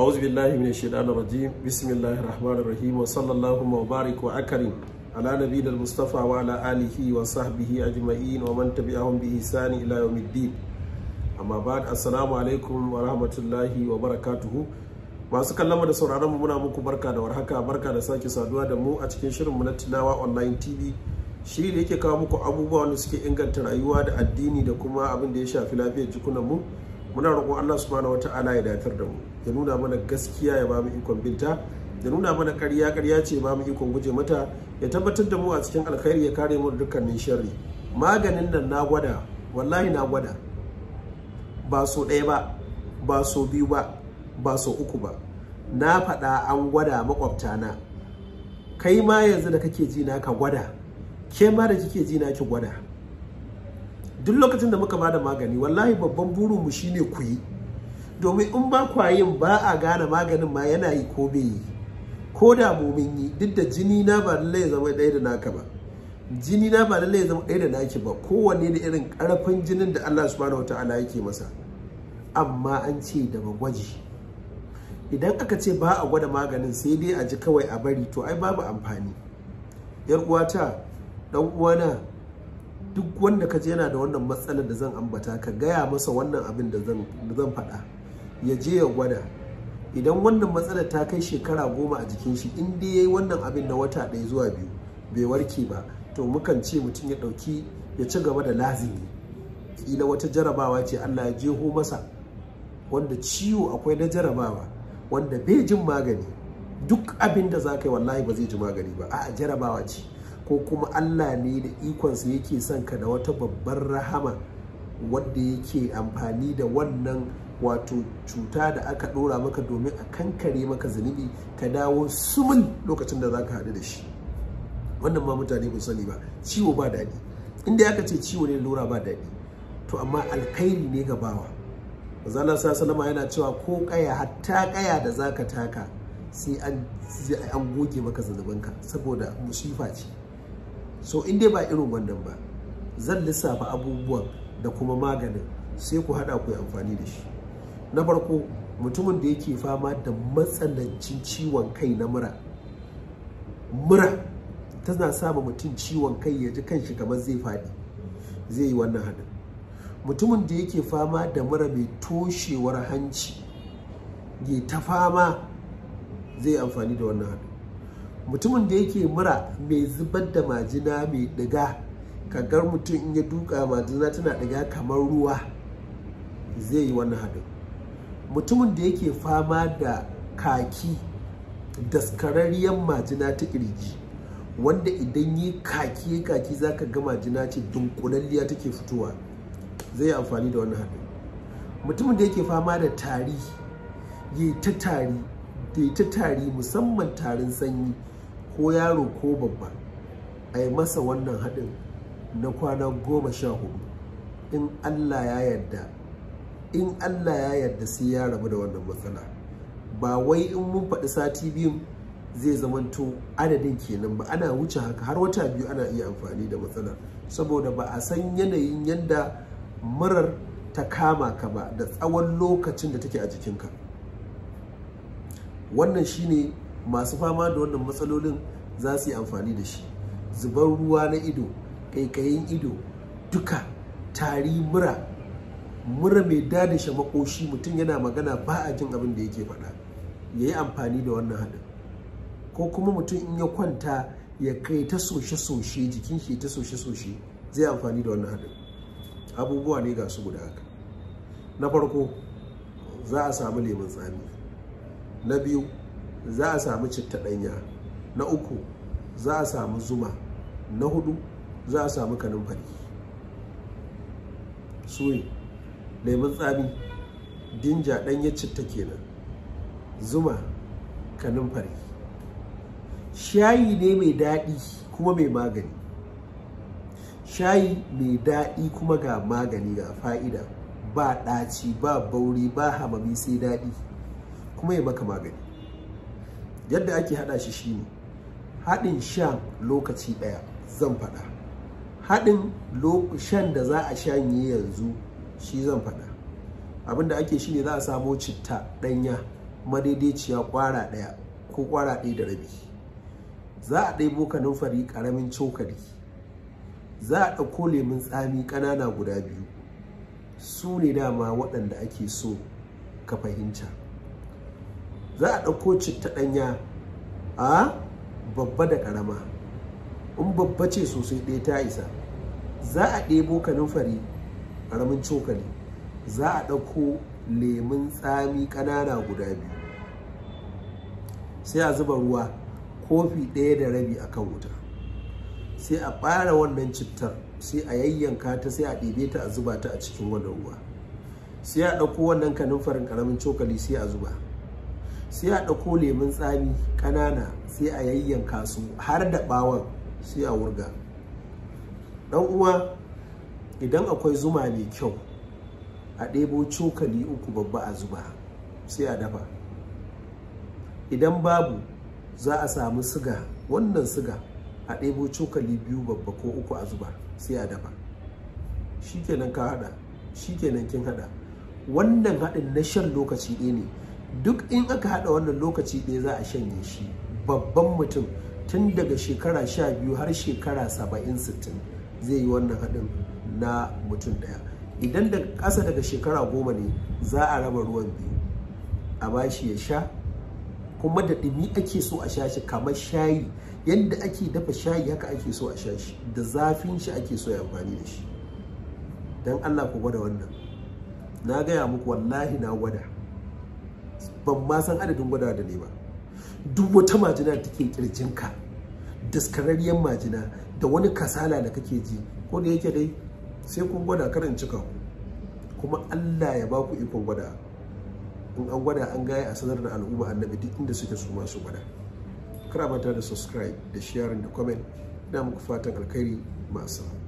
أعوذ بالله من الشيطان الرجيم بسم الله الرحمن الرحيم وصلى اللهم وبارك وأكرم على نبينا المصطفى وعلى آله وصحبه أجمعين ومن تبعهم بإحسان إلى يوم الدين amma ba assalamu alaikum wa rahmatullahi wa barakatuhu masu kallama da sauraron mu muna muku barka da warhaka barka da sake saduwa da mu a cikin shirin mu na tunawa online tv shiri da yake kawo muku abubuwa wanda suke inganta rayuwa da addini da kuma abin da ya shafi lafiyar jikunan mu muna roƙon Allah subhanahu wata'ala ya datar da mu ya nuna mana gaskiya ya bamu ikon binta ya nuna mana ƙarya ƙarya ce ba mu ikon guje mata ya tabbatar da mu a cikin alkhairi ya kare mu da dukkanin sharri maganin nan na gwada wallahi na gwada ba so ɗaya ba ba so biyu ba ba so uku ba na faɗa an gwada makwabtana kai ma yanzu da kake ji na ka gwada ke ma da kike ji na ki gwada duk lokacin da muka bada magani wallahi babban burin mu shine ku yi domin in ba kwayin ba a gane maganin ma yana yi ko bai yi ko da mumin yi duk da jini na ba lallai zama ɗaya da naka ba jini na ba lallai zama ɗaya da naki ba kowanne da irin ƙarfin jinin da Allah subhanahu wataala yake masa amma an ce da gwaji idan aka ce ba a gwada maganin sai dai a ji kawai a bari to ai babu amfani yar uwata dan uwana duk wanda ka je yana da wannan matsalar da zan ambata ka gaya masa wannan abin da zan faɗa ya je ya gwada idan wannan matsalar ta kai shekara goma a jikin shi in dai ya yi wannan abin na wata ɗaya zuwa biyu bai warke ba to mukan ce mutum ya ɗauki ya ci gaba da lazimi ƙila wata jarabawa ce allah ya jeho masa wanda ciwo akwai na jarabawa wanda bai jin magani duk abin da za ka yi wallahi ba zai ji magani ba a'a jarabawa ce ko kuma Allah ne da ikonsa yake son ka da wata babbar rahama wadda yake amfani da wannan wato cuta da aka ɗora maka domin a kankare maka zunubi ka dawo sumul lokacin da za ka haɗu da shi wannan ma mutane ba sani ba ciwo ba daɗi inda aka ce ciwo ne lura ba daɗi to amma alkhairi ne ga bawa manzala salama yana cewa ko kaya hatta kaya da zaka taka sai an goge maka zunubanka saboda musifa ce so in dai ba irin wannan ba zan lissafa abubuwan da kuma maganin sai ku haɗa ku amfani da shi na farko mutumin da yake fama da matsanancin ciwon kai na mura mura tana saba mutum ciwon kai ya ji kanshi kamar zai fadi zai yi wannan hadin mutumin da yake fama da mura mai toshewar hanci ya ta fama zai amfani da wannan hadin mutumin da yake mura mai zubar da majina mai ɗiga kagar mutum in ya duka majina tana diga kamar ruwa zai yi wani haɗin mutumin da yake fama da kaki daskararriyar majina ta kirji wanda idan yi kaki kaki za ka ga majina ce dunkulalliya take fitowa zai yi amfani da wani haɗin mutumin da yake fama da tari yi ta tari da ta tari musamman tarin sanyi ko yaro ko babba a yi masa wannan haɗin na kwana goma sha hudu in allah ya yarda in allah ya yarda sai ya rabu da wannan matsala ba wai in mun faɗi sati biyun zai zamanto adadin kenan ba ana wuce haka har wata biyu ana iya amfani da matsala saboda ba a san yanayin yadda murar ta kama ka ba da tsawon lokacin da take a jikinka wannan shine masu fama da wannan matsalolin za su yi amfani da shi zubar ruwa na ido kaikayin ido duka tari mura mura mai dadashe makoshi mutum yana magana ba a jin abin da yake faɗa ya yi amfani da wannan haɗin ko kuma mutum in ya kwanta ya kai ta soshe-soshe jikin shi ta soshe-soshe zai amfani da wannan haɗin abubuwa ne ga su guda haka na farko za a samu lemun tsami na biyu za a samu citta ɗanya na uku za a samu zuma na hudu za a samu kanumfari suyi lemun tsami dinja ɗanya citta kenan zuma fari shayi ne mai daɗi kuma mai magani shayi mai daɗi kuma ga magani ga fa'ida ba ɗaci ba bauri ba hamami sai daɗi kuma ya maka magani yadda ake hada shi shine haɗin shan lokaci ɗaya zan faɗa haɗin shan da za a sha shanye yanzu shi zan faɗa abinda ake shi ne za a samo citta ɗanya madaidaiciya ƙwara ɗaya ko ƙwara ɗaya da rabi za a ɗebo kanunfari ƙaramin cokali za a ɗauko lemun tsami ƙanana guda biyu su ne dama waɗanda ake so ka fahimta za a ɗauko citta ɗanya a babba da ƙarama in babba ce sosai ɗaya ta isa za a ɗebo kanunfari ƙaramin cokali za a ɗauko lemun tsami ƙanana guda biyu sai a zuba ruwa kofi ɗaya da rabi a kan wuta sai a ɓara wannan cittar sai a yayyanka ta sai a ɗebe ta a zuba ta a cikin wannan ruwa sai a ɗauko wannan kanunfarin ƙaramin cokali sai a zuba sai a ɗauko lemun tsami ƙanana sai a yayyanka su har da ɓawon sai a wurga ɗan uwa idan akwai zuma mai kyau a ɗebo cokali uku babba a zuba sai a dafa idan babu za a samu siga wannan siga a ɗebo cokali biyu babba ko uku a zuba sai a dafa shikenan ka haɗa shikenan kin haɗa wannan haɗin na shan lokaci ɗaya ne duk in aka haɗa wannan lokaci ɗaya za a shanye shi babban mutum tun daga shekara sha biyu har shekara saba'in sittin zai yi wannan haɗin na mutum ɗaya idan da ƙasa daga shekara goma ne za a raba ruwan biyu a ba shi ya sha kuma da ɗumi ake so a sha shi kamar shayi yadda ake dafa shayi haka ake so a sha shi da zafin shi ake so ya amfani da shi don allah ku gwada wannan na gaya muku wallahi na gwada ban ma san adadin gwada da ne ba duk wata majina da take kirjinka daskararriyar majina da wani kasala da kake ji ko da yake dai sai kun gwada karin cika kuma Allah ya baku ikon gwada in an gwada an gaya a sanar da al'umma annabi duk inda suke su masu gwada kira mata da subscribe da sharing da comment ina muku fatan alkhairi masu